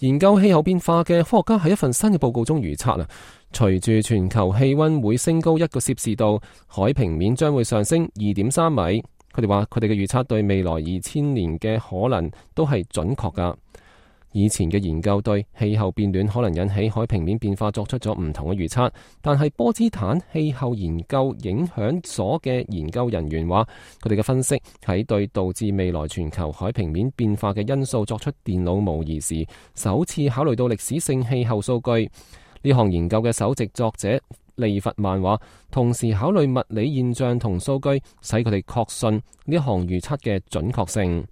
研究氣候變化嘅科學家喺一份新嘅報告中預測啦，隨住全球氣溫會升高一個攝氏度，海平面將會上升二點三米。佢哋話，佢哋嘅預測對未來二千年嘅可能都係準確㗎。以前嘅研究對氣候變暖可能引起海平面變化作出咗唔同嘅預測，但係波茨坦氣候研究影響所嘅研究人員話，佢哋嘅分析喺對導致未來全球海平面變化嘅因素作出電腦模擬時，首次考慮到歷史性氣候數據。呢項研究嘅首席作者利弗曼話，同時考慮物理現象同數據，使佢哋確信呢項預測嘅準確性。